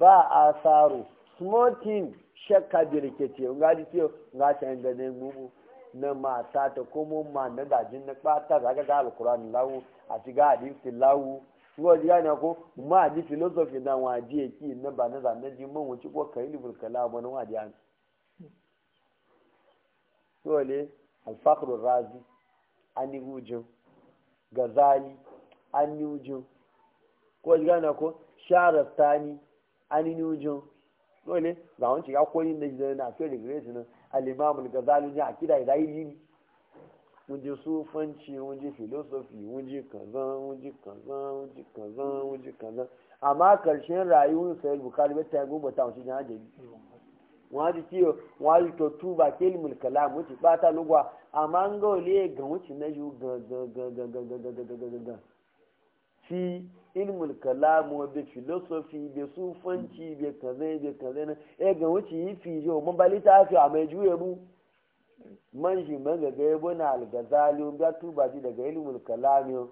ba asaro small thing shakka da rikice nga di ce nga ta inda ne gugu na ma ta komo ma na dajin na bata zaga ga alkurani lawo a shiga hadisi lawo wọ́n yá ni ọkọ mọ àdí philosophy náà wọn àdí èkì nọmba na sàmẹ́jì mọ mun tí kò kàn ní burúkẹ́lá ọmọ náà wọn àdí àná. wọ́n lé alfakuro razi aniwujo gazali aniwujo wọ́n yá ni ọkọ sharastani aniwujo wọ́n lé làwọn ti ká kọ́ ní nàìjíríà náà àfẹ́ rẹ̀ gírẹ́sì náà alimami gazali ní àkídà yi yìí. wunji sufanci wunji filosofi wunji kaza wunji kaza wunji kaza wunji kaza amma karshen rayuwar sayar bukari bai ta yi gobe ta wasu jihar jami wọ́n ti tí o wọ́n ti tó tú bá kéèlì mùlùkàlà mo ti pátá ló wà àmọ́ ń gọ́ ilé gan man shi man gaga ya buna algazali ya tuba ji daga ilmul kalami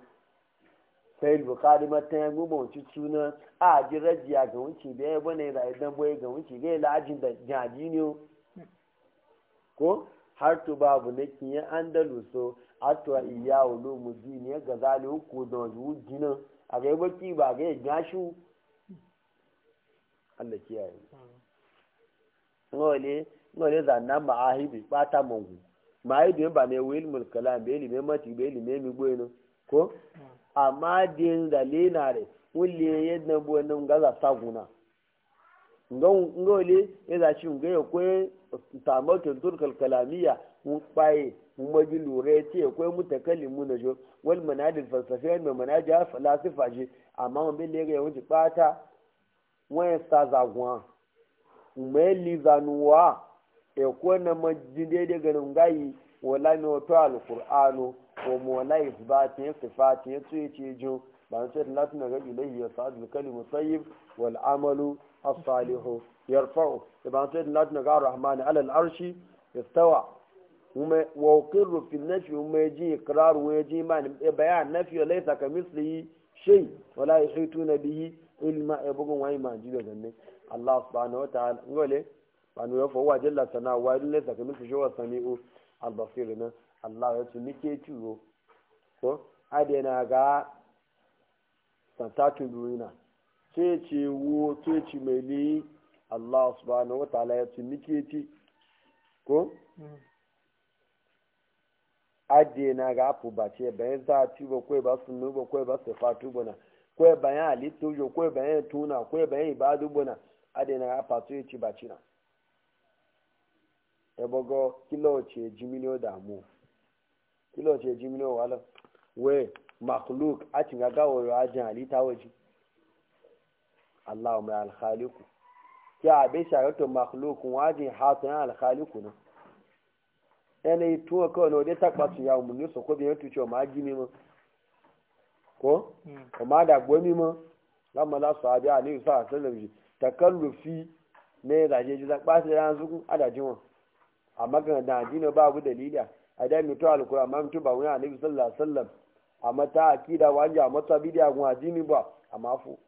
sai bukari mata ya goma wuce suna a ji rajiya ga wuce da ya buna da idan boye ga wuce ga ajin da jaji ne ko har to babu na so a to iya ji ne ya zali ko da jina a ga ki ba ga ya gashu Allah kiyaye. Mm. Ngole wani zanna ma'ahibi fata mangu ma'ahibi ba ne wa ilmul kalam be ilime mati be ilime mi gboyin ko amma din da lenare wule yadda bo nan gaza saguna ngon ngole ya za shi ngai ko tamakin turkal kalamiya mun paye mun maji lura ce akwai mutakallimu na jo wal manadil falsafiyya mai manaja falasifa je amma mun bi lega yawanci bata wayan sa zaguwa mai e ko na majin daidai ganin gayi wala mi wato alqur'anu wa mola isbatin sifatin yato yace jo ban sai da latin ga ilahi ya sa'ad kalimu tayyib wal amalu as-salihu yarfa'u e ban sai da latin ga rahman ala al-arshi istawa kuma wa qirru fi an-nafi kuma yaji iqrar e wa yaji man bayan nafi laysa kamithlihi shay wala yuhituna bihi ilma ibugun e wa iman jiga ganne Allah subhanahu wa ta'ala ngole bani wa fowa jalla sana wa ille saka musu showa sami'u albasir na Allah ya ce nike ciwo ko ade na ga santatun duniya ce ce wo ce ce mai li wa ta'ala ya ce nike ko adi na ga apu ba ce bayan za a ci ba kawai ba su nuba kawai ba su tuna kawai bayan ibadu na ga na ebogo kilo ce jimino damu kilo ce jimino wala we makhluk a cin gagawa ya ajin halitta waje Allah mai alkhaliku ya abe sharatun makhlukun wajin hatun alkhaliku na yanayi tuwa kawai na wajen takwasu ya umarni su ko biyan tuce ma gini ma ko kuma da gomi ma lamma za su abi a ne su a sallar ji takallufi ne zaje ji zaɓa su yanzu adajin wa amma ga da addini babu dalila a da mutu alkur'an ma mutu ba wani annabi sallallahu alaihi wasallam amma ta akida wani a mata bidiya gun addini ba amma fu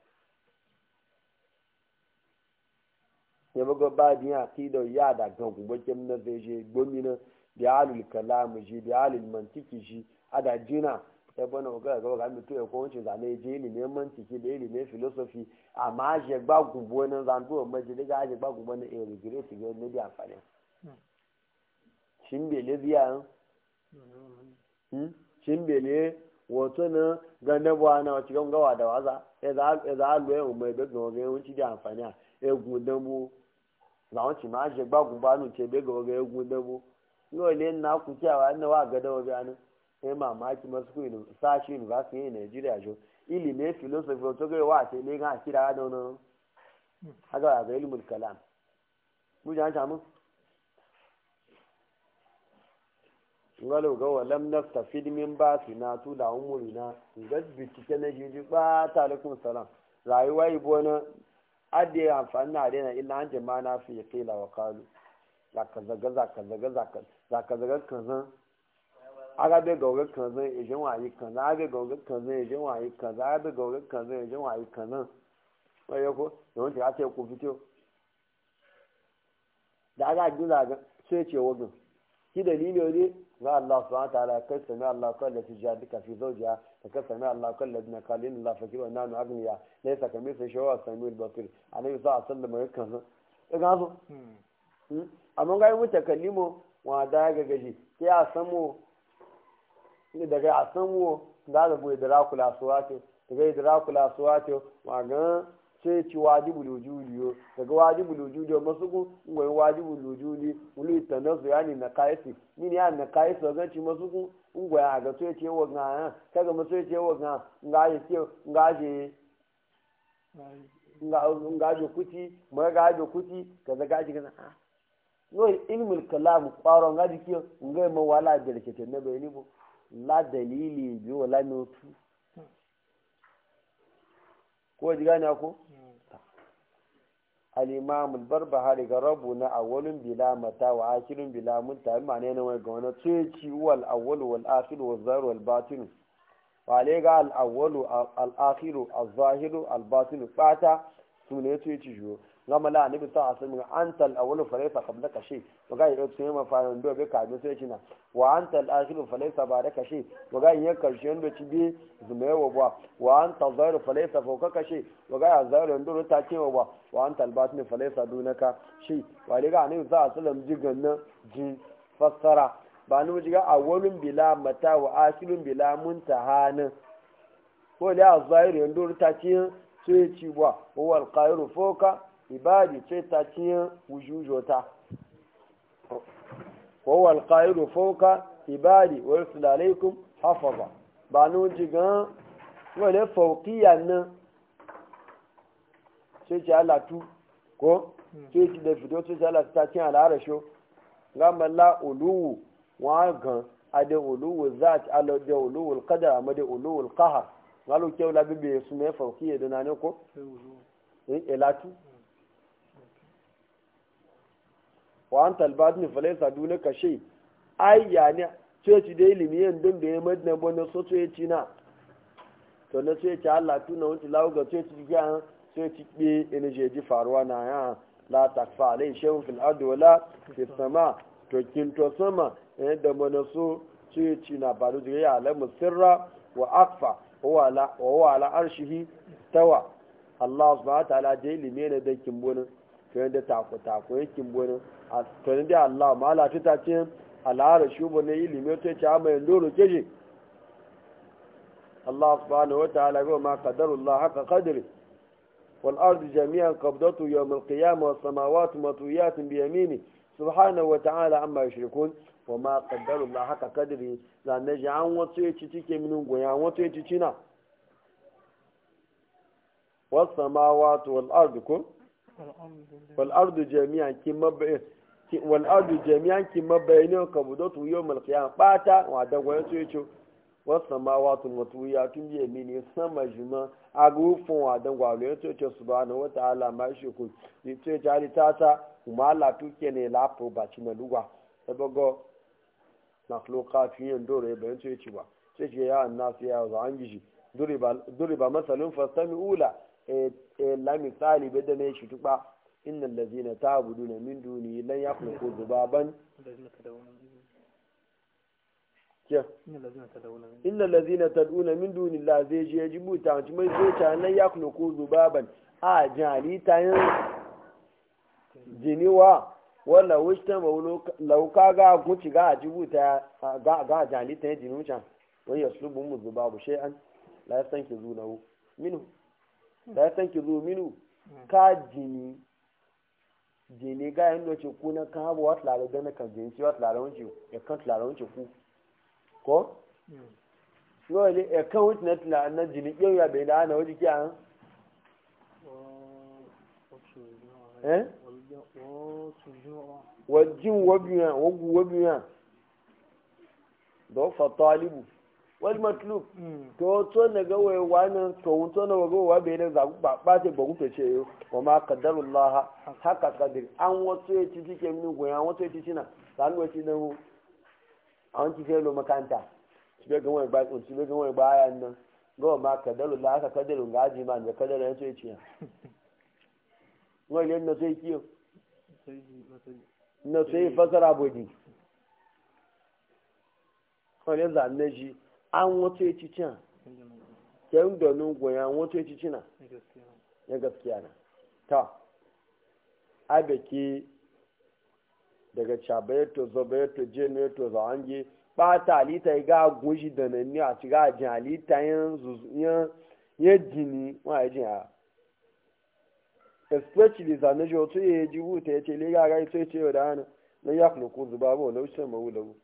ya bugo ba din akida ya da gan gubo kin na zai je gomina da alul kalam ji da alul mantiki ji ada jina ya bana ga ga ga mutu ya ko wancin zane je ni ne mantiki da ne philosophy amma je ba gubo nan zan do maji daga je ba gubo na e regret ga ne da amfani shimbele biya mm-hmm. hmm? shimbele wato na ganda buwa na wacce gan gawa da waza ya e e za a lo yawon mai bai gawa gawa wuce da amfani a egun dambu za a wuce ma a shagba gumba nu ce bai gawa gawa egun dambu yau ne na ku cewa yana wa gada wa biya nan sai mamaki masu kuyi sashi university ne nigeria jo ilimin philosophy wato gai wa ce ne ga a kira da wani mm. haka ga ilimin kalam mu ji an samu ngalo ga walam nastafid min ba batina tu da umuri na gadbi bitike na jiji ba ta alaikum salam rayuwa ibo bona ade amfani na arena illa an jama na fi qila wa qalu zaka zaga zaka zaga zaka zaka zaga kanzan aga be goga kaza e jin wayi kaza aga goga kaza e jin wayi kaza aga goga kaza e jin wayi kanzan e waye e ko don ta ce ku fito da aga gina ga sai ce wagan ki dalili ne ما الله سبحانه وتعالى قد سمع الله قول التي جادك في زوجها وقد سمع الله قول الذين قالوا الله فقير ونحن أغنياء ليس كمثل شيء هو السميع البصير عليه الصلاة والسلام يكن إغاظه أما غير متكلمه وهذا يجي كي أسمو daga a sanwo da ga goyi da suwato daga yi da suwato wa ga sai ci wajibu lujuliyo daga wajibu lujuliyo masu kun ngwai wajibu lujuli wuli tanda su ya na kaisi ni ne ya na kaisi wajen ci masu kun a ga sai ce wa kaga masu ce wa nga nga ya ce nga nga kuti ma ga je kuti kaza ga je kaza a no ilmul kalam nga ma wala bo la dalili bi wala ko ji gane ko al-imam al-barbahari ga rabu na awwalun bila mata wa akhirun bila munta ma ne wai ga wani tsoci wal awwal wal akhir wal zahir wal batin wa le ga al awwal al akhir al zahir al batin fata sune tsoci jo gama la annabi sa asim antal awwalu falaysa qablaka shay wa ga yau ma fa nan do be kaje sai kina wa antal akhiru falaysa baraka shay wa ga yin karshe ndo ci bi wa ba wa antal zahiru falaysa fawkaka shay wa ga zahiru ndo ta ce wa ba wa antal batin falaysa dunaka shay wa ga annabi sa asim jigan nan ji fassara ba ni jiga awwalun bila mata wa akhirun bila muntahanin ko da zahiru ndo ta ce sai ci ba huwa alqairu fawka ibadi ce ta ciye wujujota kowal alƙa'iru fauka ibadi wa yi sulalaikum hafaza ba ni wuce gan wale faukiya nan ce ce alatu ko ce hmm. ce da fito ce ce alatu ta ciye al'arasho gamala uluwu wa gan ade uluwu zat kada de uluwu alqadar amade uluwu alqahar ngalo kewla bibe sume faukiya da nane ko eh, elatu hmm. wa an talbatin falaisa duna kashe ai ya ne coci da ilimi yin dun da ya madina na so ya na to na ci Allah tuna wuce lauga coci ceci ga coci ɓe ina je ji faruwa na ya la takfa alai shay'un fil ardi wala sama to kin to sama eh, da na so ceci na ba da ya alamu sirra wa akfa wa wa ala arshihi tawa Allah subhanahu wa ta'ala da ilimi ne da kimbonin to yanda tako tako yake kimbonin a tonin da Allah ma ala ta ce al'ara shubu ne ilimi ta ce amma yin doro keji Allah subhanahu wa ta'ala ga ma qadarullah haka qadri wal ardu jami'an qabdatu yawm al qiyamah was samawati matwiyatun bi yamini subhanahu wa ta'ala amma yushrikun wa ma qadarullah haka qadri la an wato yace cike minun goya wato yace cina was samawati wal ardu kun wal ardu jami'an kin mab'ith wal ardu jami'an ki mabayani ka budatu yawmal qiyam bata wa da gwayo to yacho was ya matwiyatun bi yamini sama juma agufun wa da gwayo to yacho na wa ala ma shi ku ni to jali tata kuma la tu kene la pro ba ci meluwa sabogo e makhluqa na ndore bayan ba sai ce ya annasu ya zo an gishi duriba ba masalun fastami ula e, e la shi innal ladzina ta'buduna min duni lan yakhluqu dhubaban innal ladzina tad'una min duni la zai je jibu ta ci mai so ta lan yakhluqu a jali ta yin jiniwa wala wishta lauka ga guci ga jibu ta ga ga jali ta jinu can wai yaslubu mu shay'an la lahu jini jene ga yin loce ku na kan abu wata kan jini wa wata lare ya kan tulare wuce ku ko hmm. yau ne ya kan na tulare na jini yau ya bai da ana wajen kiyan wajen wajen wagu wajen da wafa talibu Wani matlub hmm. to to ne ga wai wani to to ne ga wa bai da za ba ba ce ba ku to ce yo wa ma qadarullah haka kadir an wato ya ci cike min go ya wato ya ci na san wato ne mu an ci sai lo makanta ci ga wani ba ci ga wani ba ya nan go ma qadarullah haka kadir ga ji ma ne qadarin ya ce ya wai ne na sai ki na sai fasara bodi wani ne shi an wato ya Ke cin kyan domin ya wato ya echichi na ya gaskiya na ta abeki daga cabayato zabayato jenayato zawange ba ta halitta ta ga goshi da nan ne a ci ga jin halitta yan jini wa ya jan, a especially zane ji wato ya ji wuta ya ce le ga ito ya ce yau da hannu na ya kuma ko zuba ba wani wuce mawulawu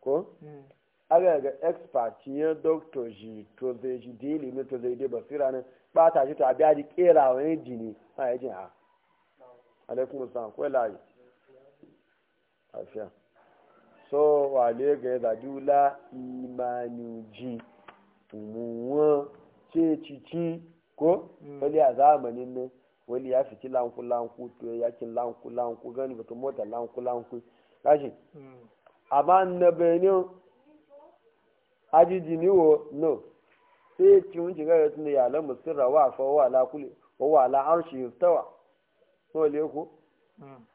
ko hmm. aga ga expert ya doctor ji to zai ji dili ne to zai dai basira ne ba ta ji to abiya ji kera wani jini ba ya ji ha alaikum assalam ko laji afiya so wa le ga da dula imani ji umuwa ce cici ko mm. wani a zamanin ne wani ya fiti lanku lanku to ya kin lanku lanku gani batun mota lanku lanku kashi mm. amma na benin ajiji ni wo no sai cikin shiga ya tuna yalan musirra wa fa wa la kulli wa wa la arshi yustawa so le ko hmm.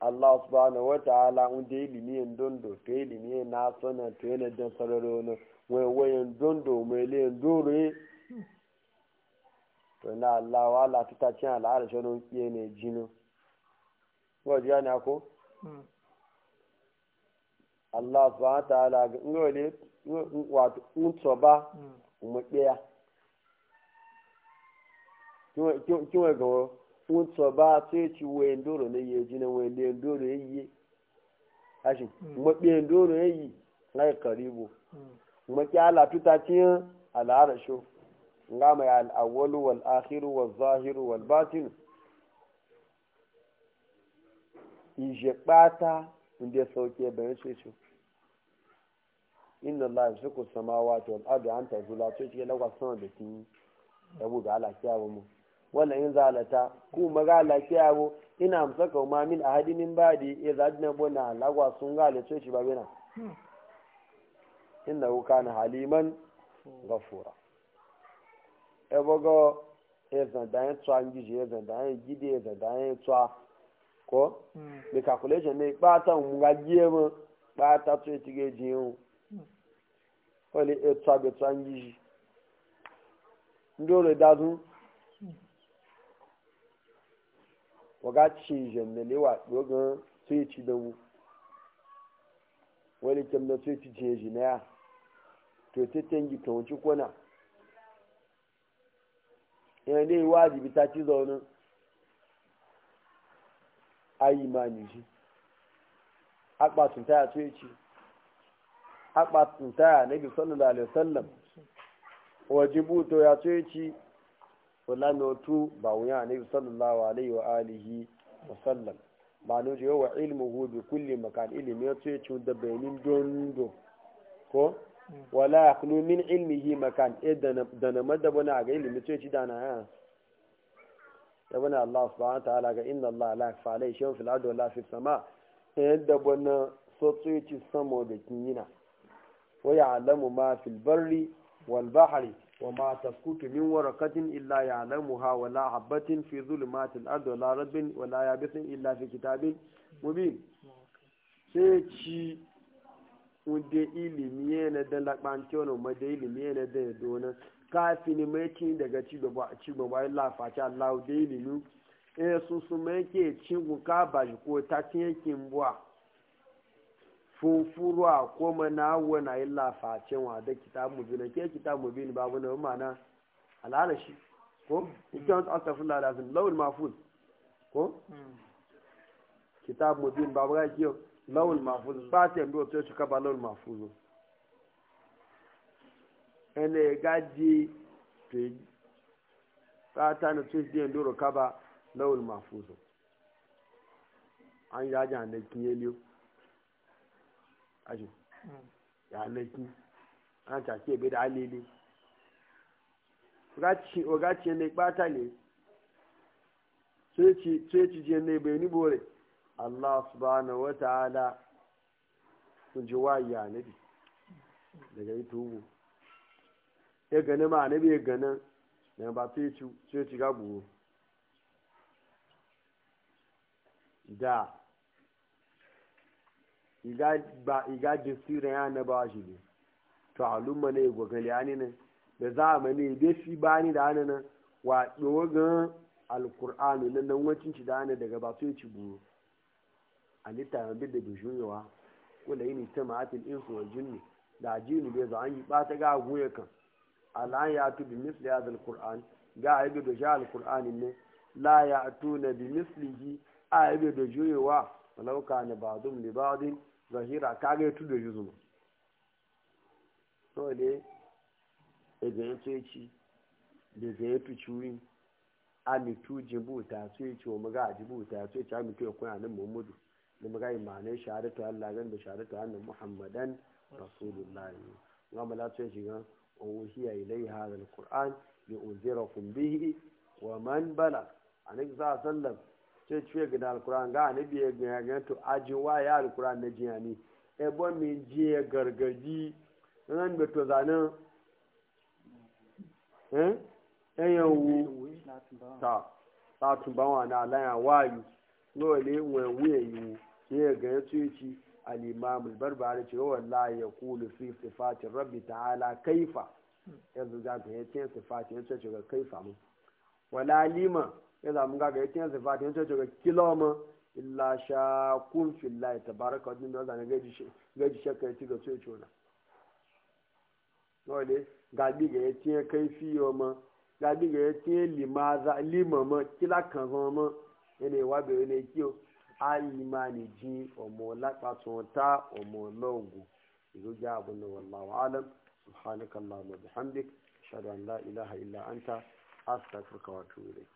Allah subhanahu wa ta'ala un da ilimi en dondo to ilimi na sona to yana dan sararo no wai wayan dondo mai le dore to na Allah wa la tuta ala al'arshi no kiye ne jino ko ji ne ko hmm. Allah subhanahu ta ala ga wa, wato unso ba hmm. mu daya kiwa ga unso ba sai ci we ndoro ne ye jina we le ndoro ye ashin hmm. mu be ndoro na lai karibu hmm. mu ki ala tuta ci ala sho nga ya al-awwalu wal-akhiru wal-zahiru wal-batinu ije pata inda ya sauke bayan su su inna Allah su ku sama wato al'adu an ta zula to shi lagwa sama da kin yabo ga Allah kiyawo mu wannan in zalata ku maga Allah kiyawo ina amsa ka ma min ahadi min badi ya zadna bona lagwa sun ga le to shi ba bena inna hu kana haliman ghafura ebogo ezan dan tsangi je ezan dan gidi ezan dan tsangi ko hmm. the calculation ne kpata nga jie mo kpata to etige jie o wale etu abetu anjiji ndị ụlọ dadu waga ci njem na lewa oge to echi dawu wale kem na to echi jie ji na ya to tete ngi kan wuci kona yana e ne wajibi ta ci zaune ayi mani ji akpatun taya tuye ci akpatun taya na bi sallallahu alaihi wasallam wajibu to ya tuye ci wala no ba wuya na bi sallallahu alaihi wa alihi wasallam ba no je wa ilmuhu bi kulli makan ilmi ya tuye ci da bayanin dondo ko mm. wala yakunu min ilmihi makan idan e da na madabana ga ilmi tuye ci dana ya tabana Allah subhanahu wa ta'ala ga inna Allah la yakfa alayhi shay'un fil ardi wa la fis sama yadda bana sosoci samo da kinyina wa ya'lamu ma fil barri wal bahri wa ma tasqutu min waraqatin illa ya'lamuha wa la habatin fi dhulumatil ardi wa la rabbin wa la yabisin illa fi kitabin mubin sai ci wunde ilimi yana da lakpancin da ilimi yana da dona kafin mai daga ci cigaba ya lafaci allahu da nu e eh, sun su mai ke cigun ka ba shi ko ta kin buwa funfuruwa ko mana wana yi lafacin wa da kita mu bi na ke kita mu bi ni babu na mana al'ada shi ko ikon asafin lalazin lawul mafuz ko hmm. kita mu bi ni babu ga kiyo lawul mafuz hmm. ba ta yi biyo sai shi ka ba lawul mafuz ene gaji to fata na tun biyan doro kaba lawul mafuzo an yaji hannakin yeliyo aji ya hannakin an take ebe da alili ogaci ne kpata ne tsoci je ne bai ni bore allah subhanahu wa ta'ala kun ji wa ya nabi daga yi tubu ya gani ma ne ya gani ne ba sai ci sai ci ga gugu da iga ba iga jisira ya na ba shi ne to alumma ne gogali ani ne da zamani da shi ba ni da ana nan wa dogon alkur'ani nan nan wancin ci da ana daga ba sai ci buru a littafin bidda bishiyowa kula yi ni ta ma'atin insu wa jinni da jini bai za an yi ba ta ga goye kan al'an ya بمثل هذا misli ya zal qur'an ga a yabe da shi al-qur'ani ne la ya tu na bi mislihi a da juyewa malauka na ba'dum zahira tu da juzu so ne e ga ci da ga yato ciwi a mi tu jibuta so wa maga kuna nan muhammadu da maga imanai shahadatu Allah gan da shahadatu annabi muhammadan rasulullahi ngamala so ووحي إليه هذا القرآن لأنذركم به ومن بلغ أنك صلى الله عليه وسلم تشفيق دا القرآن قال نبي يقول تو أجوا يا القرآن نجياني ebo min jiye gargaji nan da to zanen eh yawo ta ta tumbawa na laya wayu lole wen wuye yi ke ga ya tuci al-imam al-barbari ce wallahi ya kulu fi sifatin rabbi ta'ala kaifa yanzu za ka yace sifatin yace ce ga kaifa mu wala lima ya za ga ga yace sifatin yace ce kilo mu illa sha kun fillahi tabaraka wa zan gaji gaji shakka yace ga ce ce na dole ga ga yace kaifi yo mu ga ga yace limaza lima kila kan wa kiyo aimani ji omo lakpatunta omo logo iroja abunna wallahu alam subhanaka allahumma wa bihamdik ashhadu an la ilaha illa anta astaghfiruka wa atubu ilayk